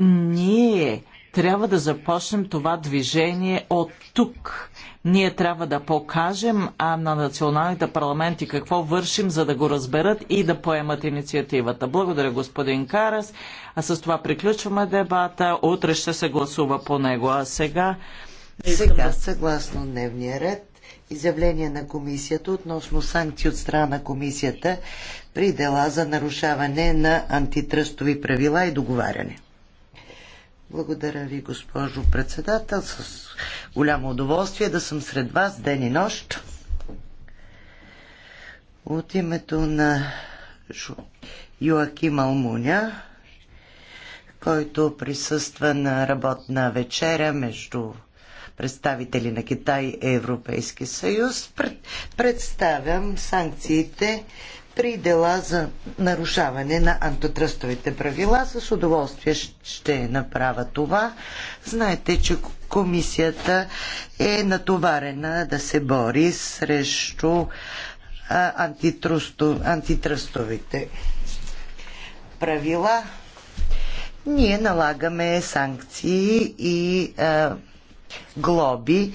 ние трябва да започнем това движение от тук. Ние трябва да покажем а на националните парламенти какво вършим, за да го разберат и да поемат инициативата. Благодаря, господин Карас. А с това приключваме дебата. Утре ще се гласува по него. А сега... Сега, съгласно дневния ред, изявление на комисията относно санкции от страна на комисията при дела за нарушаване на антитръстови правила и договаряне. Благодаря ви, госпожо председател. С голямо удоволствие да съм сред вас ден и нощ. От името на Йоаким Алмуня, който присъства на работна вечеря между представители на Китай и Европейски съюз, представям санкциите три дела за нарушаване на антитръстовите правила. С удоволствие ще направя това. Знаете, че комисията е натоварена да се бори срещу антитръстовите правила. Ние налагаме санкции и а, глоби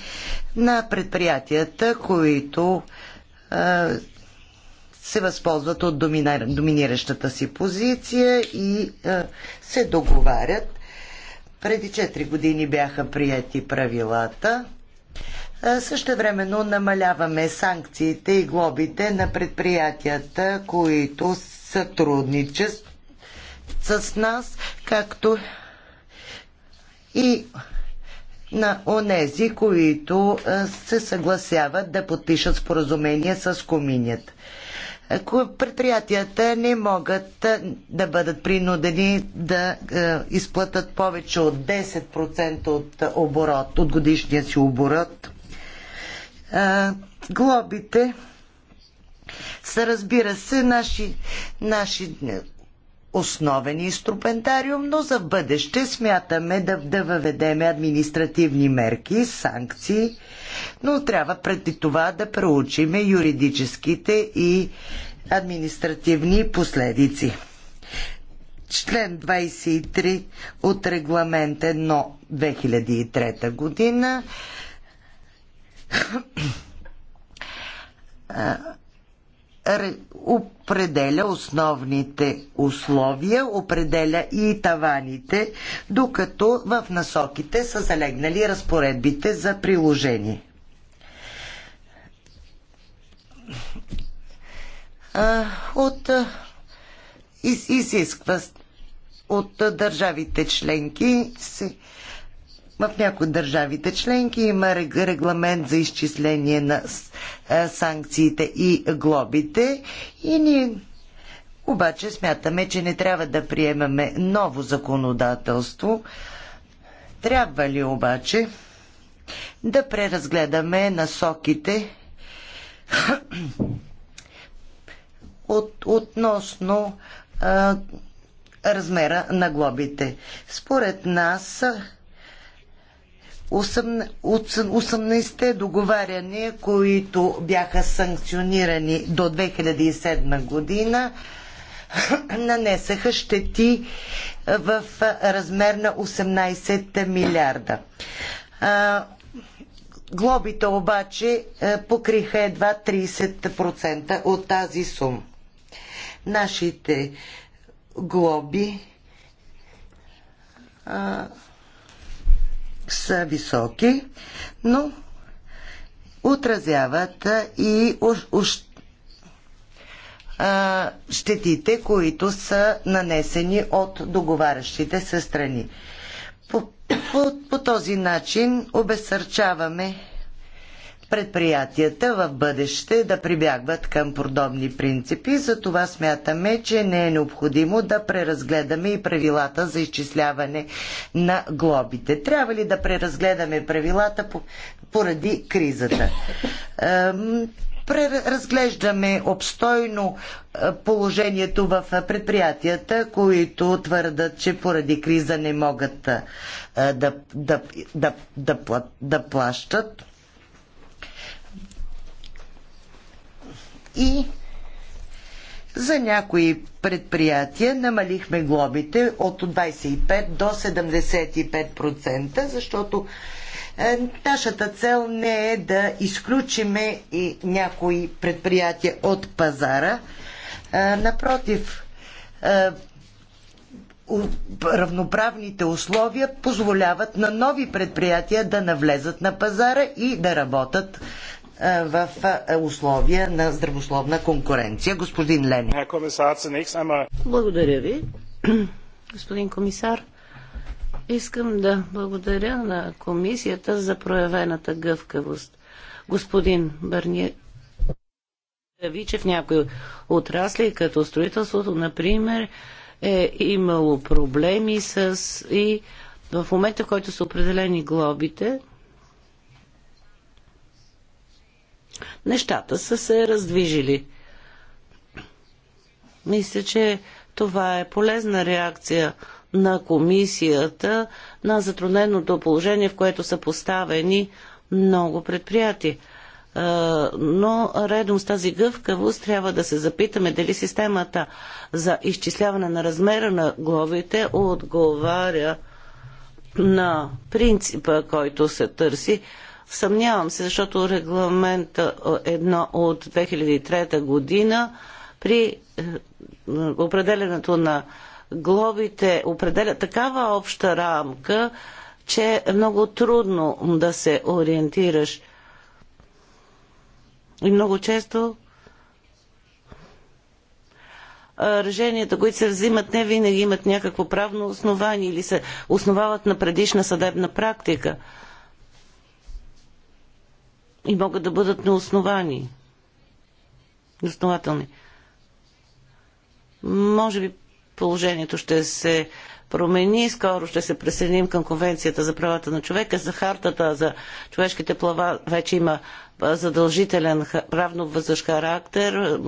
на предприятията, които а, се възползват от доминиращата си позиция и се договарят. Преди 4 години бяха прияти правилата. Също времено намаляваме санкциите и глобите на предприятията, които сътрудничат с нас, както и на онези, които се съгласяват да подпишат споразумение с Коминят предприятията не могат да бъдат принудени да изплатат повече от 10% от оборот, от годишния си оборот. Глобите са, разбира се, наши, наши основен инструментариум, но за бъдеще смятаме да, да въведеме административни мерки, санкции, но трябва преди това да проучиме юридическите и административни последици. Член 23 от регламент 1 2003 година определя основните условия, определя и таваните, докато в насоките са залегнали разпоредбите за приложение. От изисква от държавите членки се в някои държавите членки има регламент за изчисление на е, санкциите и глобите и ние обаче смятаме, че не трябва да приемаме ново законодателство. Трябва ли обаче да преразгледаме насоките от, относно а, е, размера на глобите. Според нас 18-те договаряния, които бяха санкционирани до 2007 година, нанесаха щети е, в е, размер на 18 милиарда. Глобите обаче е, покриха едва 30% от тази сума. Нашите глоби са високи, но отразяват и щетите, които са нанесени от договарящите се страни. По, по, по този начин обесърчаваме предприятията в бъдеще да прибягват към подобни принципи. Затова смятаме, че не е необходимо да преразгледаме и правилата за изчисляване на глобите. Трябва ли да преразгледаме правилата поради кризата? преразглеждаме обстойно положението в предприятията, които твърдат, че поради криза не могат да, да, да, да плащат. и за някои предприятия намалихме глобите от 25 до 75%, защото е, нашата цел не е да изключиме и някои предприятия от пазара. Е, напротив, е, равноправните условия позволяват на нови предприятия да навлезат на пазара и да работят е, в е, условия на здравословна конкуренция. Господин Лени. Благодаря ви, господин комисар. Искам да благодаря на комисията за проявената гъвкавост. Господин Бърние ви, че в някои отрасли, като строителството, например, е имало проблеми с и в момента, в който са определени глобите, нещата са се раздвижили. Мисля, че това е полезна реакция на комисията на затрудненото положение, в което са поставени много предприятия. Е, но редом с тази гъвкавост трябва да се запитаме дали системата за изчисляване на размера на главите отговаря на принципа, който се търси, Съмнявам се, защото регламент едно от 2003 година при е, определенето на глобите определя такава обща рамка, че е много трудно да се ориентираш. И много често решенията, които се взимат, не винаги имат някакво правно основание или се основават на предишна съдебна практика и могат да бъдат неосновани. Неоснователни. Може би положението ще се промени. Скоро ще се присъединим към Конвенцията за правата на човека. За хартата за човешките плава вече има задължителен правно въздъж характер.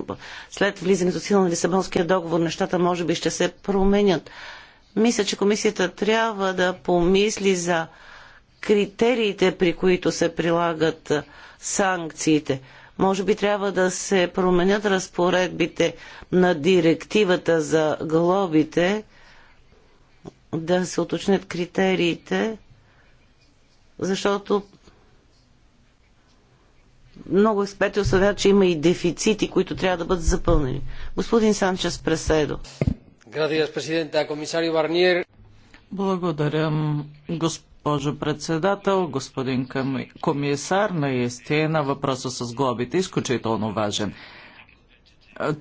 След влизането сила на Лисабонския договор нещата може би ще се променят. Мисля, че комисията трябва да помисли за критериите, при които се прилагат санкциите. Може би трябва да се променят разпоредбите на директивата за глобите, да се уточнят критериите, защото много експерти осъдят, че има и дефицити, които трябва да бъдат запълнени. Господин Санчес Преседо. Благодаря, госпожо Барниер. Благодаря, госпожо госпожо председател, господин комисар. Наистина въпросът с глобите е изключително важен.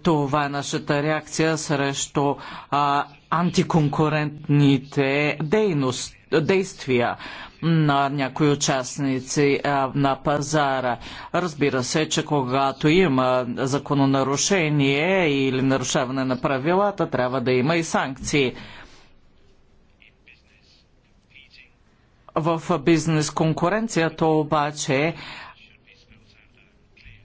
Това е нашата реакция срещу а, антиконкурентните дейност, действия на някои участници а, на пазара. Разбира се, че когато има закононарушение или нарушаване на правилата, трябва да има и санкции. в бизнес конкуренцията обаче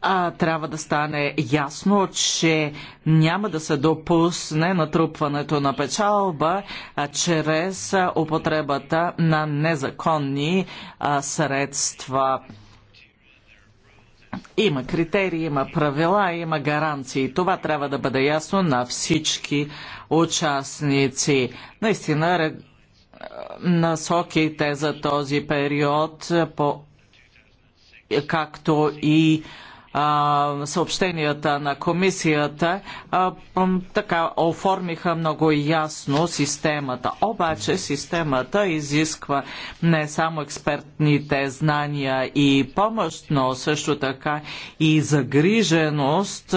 а, трябва да стане ясно, че няма да се допусне натрупването на печалба а, чрез употребата на незаконни а, средства. Има критерии, има правила, има гаранции. Това трябва да бъде ясно на всички участници. Наистина, насоките за този период, по, както и а, съобщенията на комисията а, така оформиха много ясно системата. Обаче системата изисква не само експертните знания и помощ, но също така и загриженост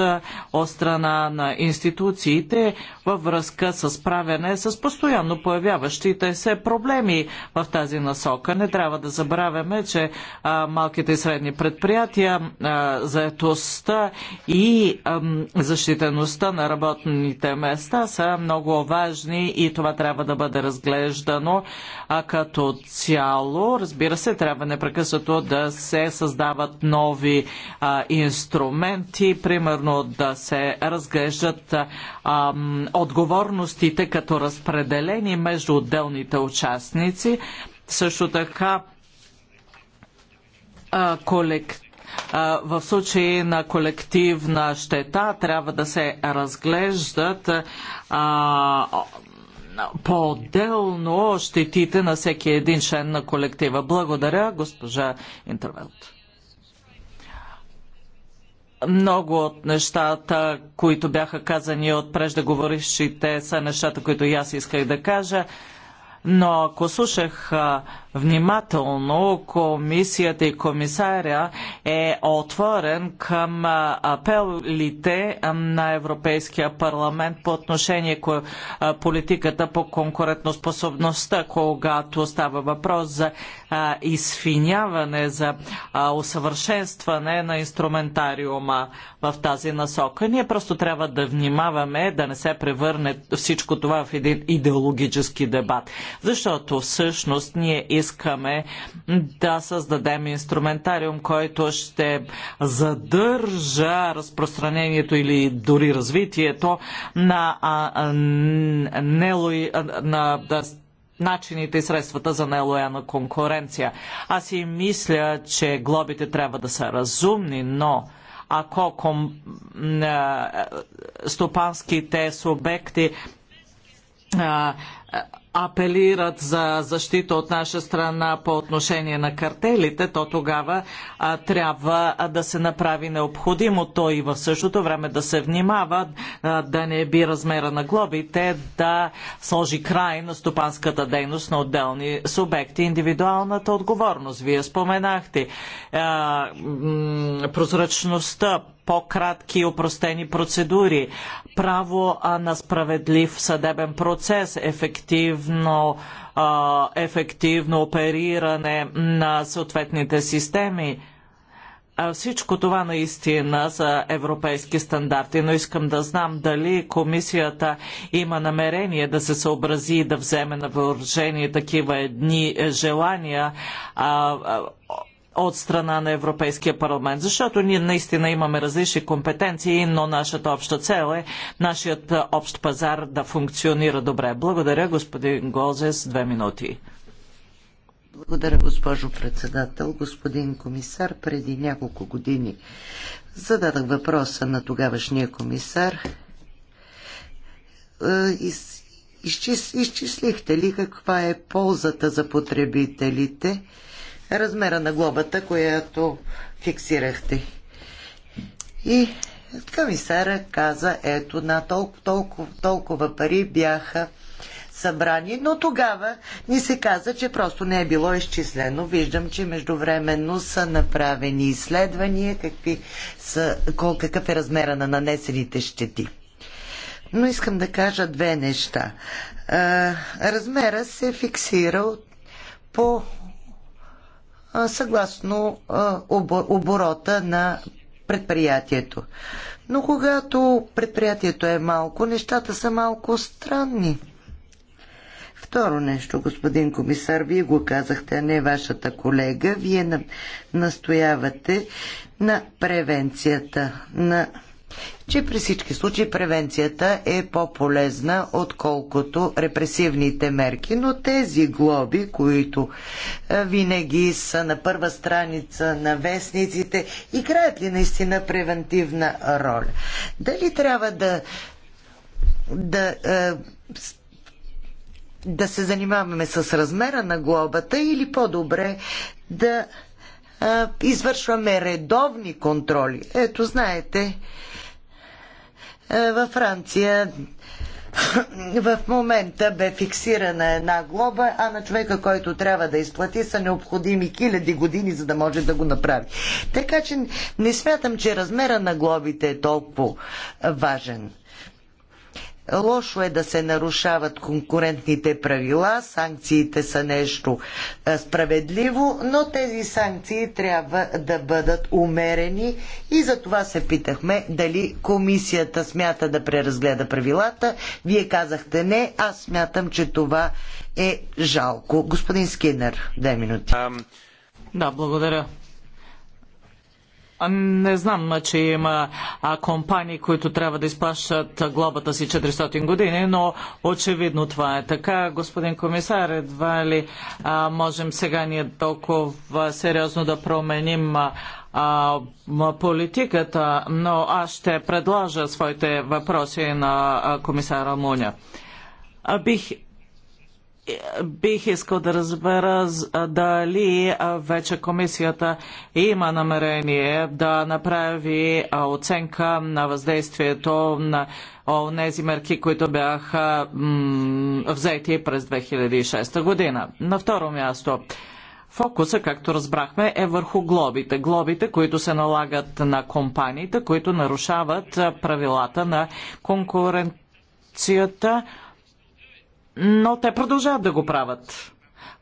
от страна на институциите във връзка с правене с постоянно появяващите се проблеми в тази насока. Не трябва да забравяме, че а, малките и средни предприятия а, за заетостта и защитеността на работните места са много важни и това трябва да бъде разглеждано а като цяло. Разбира се, трябва непрекъснато да се създават нови а, инструменти, примерно да се разглеждат а, отговорностите като разпределени между отделните участници. Също така колектив в случаи на колективна щета трябва да се разглеждат по-отделно щетите на всеки един член на колектива. Благодаря, госпожа Интервелт. Много от нещата, които бяха казани от преждеговорившите, са нещата, които и аз исках да кажа. Но ако слушах внимателно комисията и комисаря е отворен към апелите на Европейския парламент по отношение политиката по конкурентоспособността, когато става въпрос за изфиняване, за усъвършенстване на инструментариума в тази насока. Ние просто трябва да внимаваме да не се превърне всичко това в един идеологически дебат. Защото всъщност ние искаме да създадем инструментариум, който ще задържа разпространението или дори развитието на, а, нелои, на да, начините и средствата за нелояна конкуренция. Аз и мисля, че глобите трябва да са разумни, но ако ком, а, стопанските субекти а, апелират за защита от наша страна по отношение на картелите, то тогава а, трябва а, да се направи необходимото и в същото време да се внимава а, да не би размера на глобите да сложи край на стопанската дейност на отделни субекти. Индивидуалната отговорност, вие споменахте, а, прозрачността, по-кратки и упростени процедури, право на справедлив съдебен процес, ефективно, ефективно опериране на съответните системи. Всичко това наистина са европейски стандарти, но искам да знам дали комисията има намерение да се съобрази и да вземе на въоръжение такива едни е, желания от страна на Европейския парламент, защото ние наистина имаме различни компетенции, но нашата обща цел е нашият общ пазар да функционира добре. Благодаря, господин Голзес, две минути. Благодаря, госпожо председател. Господин комисар, преди няколко години зададах въпроса на тогавашния комисар. Из, изчис, изчислихте ли каква е ползата за потребителите? размера на глобата, която фиксирахте. И комисара каза, ето на толкова, толкова, толкова пари бяха събрани, но тогава ни се каза, че просто не е било изчислено. Виждам, че междувременно са направени изследвания, какви са, кол, какъв е размера на нанесените щети. Но искам да кажа две неща. А, размера се фиксира по съгласно оборота на предприятието. Но когато предприятието е малко, нещата са малко странни. Второ нещо, господин комисар, вие го казахте, а не вашата колега. Вие настоявате на превенцията, на че при всички случаи превенцията е по-полезна, отколкото репресивните мерки. Но тези глоби, които е, винаги са на първа страница на вестниците, играят ли наистина превентивна роля? Дали трябва да, да е, да се занимаваме с размера на глобата или по-добре да а, е, извършваме редовни контроли. Ето, знаете, е, във Франция в момента бе фиксирана една глоба, а на човека, който трябва да изплати, са необходими хиляди години, за да може да го направи. Така че не смятам, че размера на глобите е толкова важен. Лошо е да се нарушават конкурентните правила, санкциите са нещо справедливо, но тези санкции трябва да бъдат умерени и за това се питахме дали комисията смята да преразгледа правилата. Вие казахте не, аз смятам, че това е жалко. Господин Скинер, две минути. Да, благодаря. Не знам, че има компании, които трябва да изплащат глобата си 400 години, но очевидно това е така. Господин комисар, едва ли а, можем сега ние толкова сериозно да променим а, политиката, но аз ще предложа своите въпроси на комисара Муня. бих Бих искал да разбера дали вече комисията има намерение да направи оценка на въздействието на тези мерки, които бяха взети през 2006 година. На второ място. Фокуса, както разбрахме, е върху глобите. Глобите, които се налагат на компаниите, които нарушават правилата на конкуренцията но те продължават да го правят.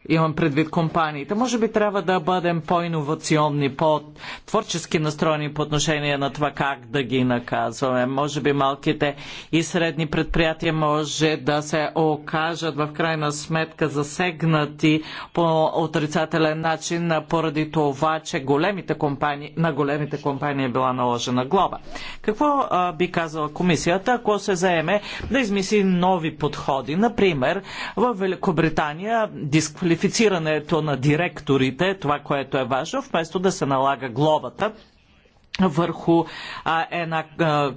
Имам предвид компаниите. Може би трябва да бъдем по-инновационни, по-творчески настроени по отношение на това как да ги наказваме. Може би малките и средни предприятия може да се окажат в крайна сметка засегнати по отрицателен начин поради това, че големите компании, на големите компании е била наложена глоба. Какво а, би казала комисията, ако се заеме да измисли нови подходи? Например, в Великобритания дисквалификация квалифицирането на директорите, това, което е важно, вместо да се налага глобата върху а, една а,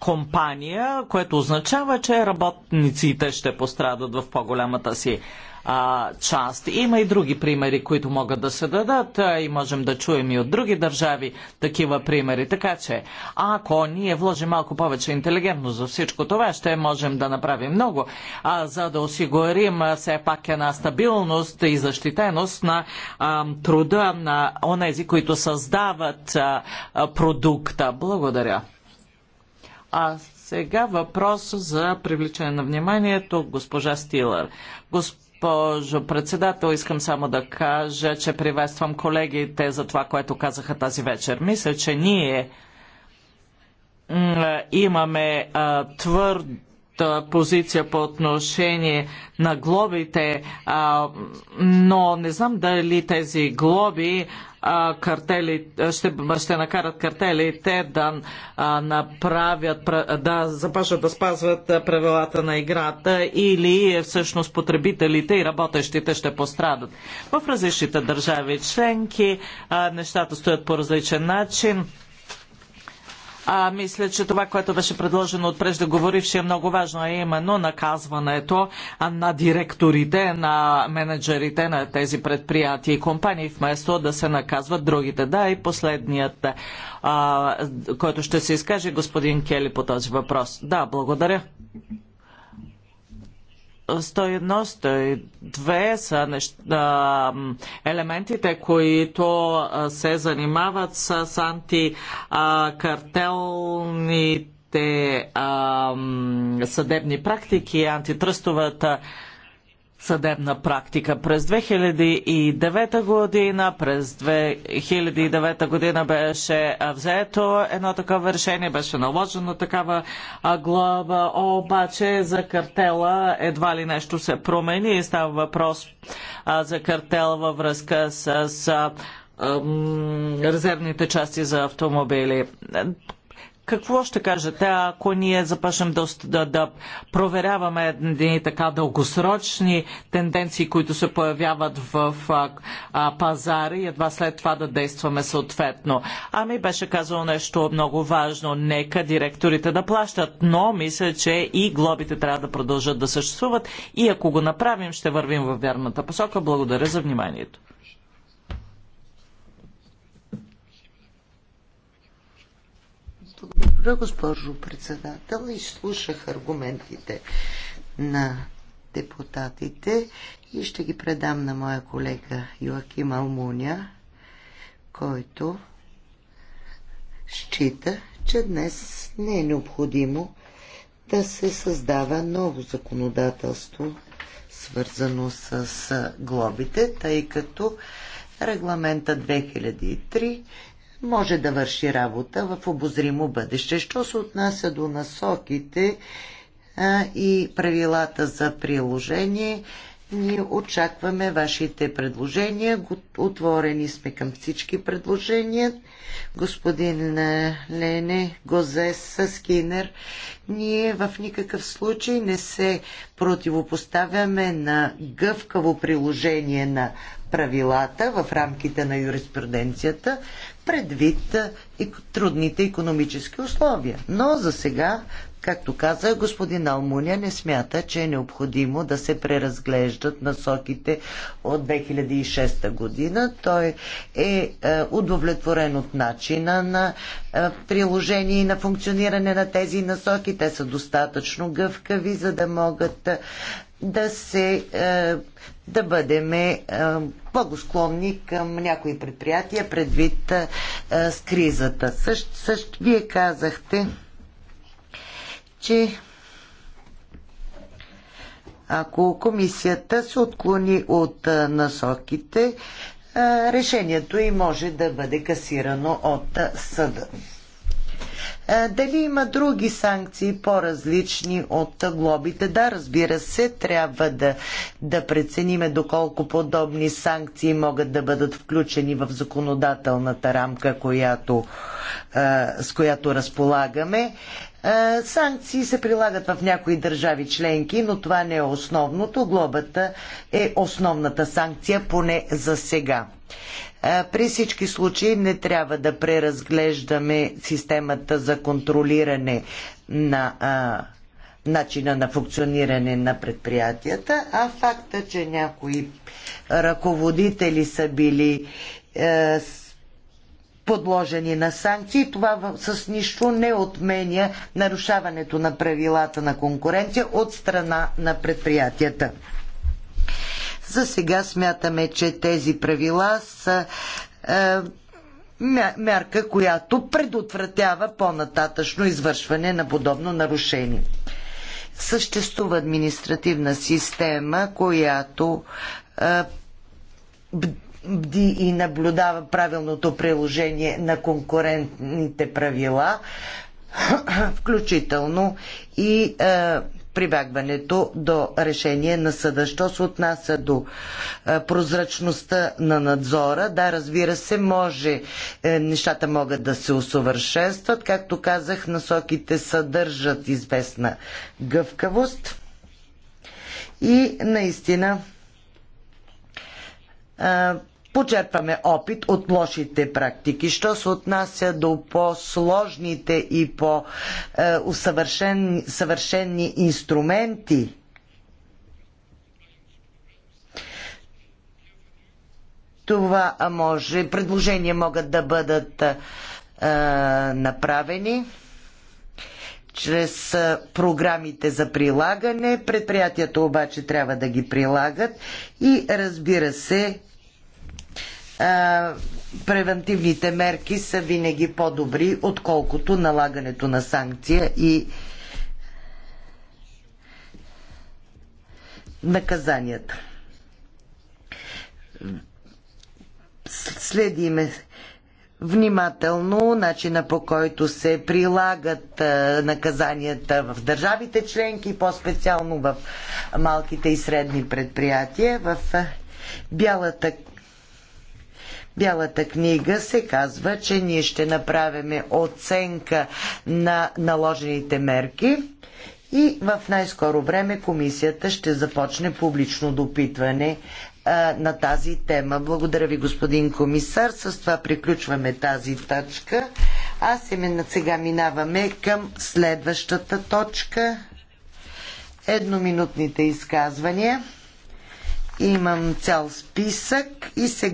компания, което означава, че работниците ще пострадат в по-голямата си а, част. Има и други примери, които могат да се дадат а, и можем да чуем и от други държави такива примери. Така че, ако ние вложим малко повече интелигентност за всичко това, ще можем да направим много, а, за да осигурим а, все пак една стабилност и защитеност на а, труда на онези, които създават а, а, продукта. Благодаря. А сега въпрос за привличане на вниманието госпожа Стилър. Госп госпожо председател, искам само да кажа, че приветствам колегите за това, което казаха тази вечер. Мисля, че ние имаме твърдо позиция по отношение на глобите, но не знам дали тези глоби картели, ще, ще накарат картелите да направят, да започнат да спазват правилата на играта или е, всъщност потребителите и работещите ще пострадат. В различните държави членки нещата стоят по различен начин. А, мисля, че това, което беше предложено от преждеговорившия е много важно, а е именно наказването на директорите, на менеджерите на тези предприятия и компании, вместо да се наказват другите. Да, и последният, а, който ще се изкаже е господин Кели по този въпрос. Да, благодаря. 101, 102 са неща, елементите, които се занимават с антикартелните съдебни практики, антитръстовата съдебна практика. През 2009 година, през 2009 година беше взето едно такова решение, беше наложено такава глава, обаче за картела едва ли нещо се промени и става въпрос за картел във връзка с резервните части за автомобили какво ще кажете, ако ние започнем да, да, да проверяваме едни така дългосрочни тенденции, които се появяват в а, а, пазари и едва след това да действаме съответно? Ами беше казало нещо много важно. Нека директорите да плащат, но мисля, че и глобите трябва да продължат да съществуват и ако го направим, ще вървим във вярната посока. Благодаря за вниманието. Добре, госпожо председател. Изслушах аргументите на депутатите и ще ги предам на моя колега Йоаким Алмуня, който счита, че днес не е необходимо да се създава ново законодателство, свързано с глобите, тъй като регламента 2003 може да върши работа в обозримо бъдеще. Що се отнася до насоките а, и правилата за приложение, ние очакваме вашите предложения. Отворени сме към всички предложения. Господин Лене, Гозес, Скинер, ние в никакъв случай не се противопоставяме на гъвкаво приложение на правилата в рамките на юриспруденцията, предвид трудните економически условия. Но за сега, както каза господин Алмуня, не смята, че е необходимо да се преразглеждат насоките от 2006 година. Той е удовлетворен от начина на приложение и на функциониране на тези насоки. Те са достатъчно гъвкави, за да могат да се е, да бъдем благосклонни е, към някои предприятия предвид е, с кризата. Също, също вие казахте, че ако комисията се отклони от насоките, решението и може да бъде касирано от съда. Е, дали има други санкции по-различни от глобите? Да, разбира се, трябва да, да прецениме доколко подобни санкции могат да бъдат включени в законодателната рамка, която, е, с която разполагаме. Е, санкции се прилагат в някои държави членки, но това не е основното. Глобата е основната санкция, поне за сега. При всички случаи не трябва да преразглеждаме системата за контролиране на а, начина на функциониране на предприятията, а факта, че някои ръководители са били е, подложени на санкции, това с нищо не отменя нарушаването на правилата на конкуренция от страна на предприятията. За сега смятаме, че тези правила са е, мярка, която предотвратява по-нататъчно извършване на подобно нарушение. Съществува административна система, която е, бди и наблюдава правилното приложение на конкурентните правила, включително и е, прибягването до решение на съда. Що се отнася до е, прозрачността на надзора, да, разбира се, може, е, нещата могат да се усъвършенстват. Както казах, насоките съдържат известна гъвкавост. И наистина е, Почерпваме опит от лошите практики. Що се отнася до по-сложните и по-съвършенни е, инструменти, това може, предложения могат да бъдат е, направени чрез е, програмите за прилагане. Предприятията обаче трябва да ги прилагат и разбира се превентивните мерки са винаги по-добри, отколкото налагането на санкция и наказанията. Следиме внимателно начина по който се прилагат наказанията в държавите членки, по-специално в малките и средни предприятия. В Бялата Бялата книга се казва, че ние ще направим оценка на наложените мерки и в най-скоро време комисията ще започне публично допитване на тази тема. Благодаря ви, господин комисар. С това приключваме тази точка. А сега минаваме към следващата точка. Едноминутните изказвания. Имам цял списък и сега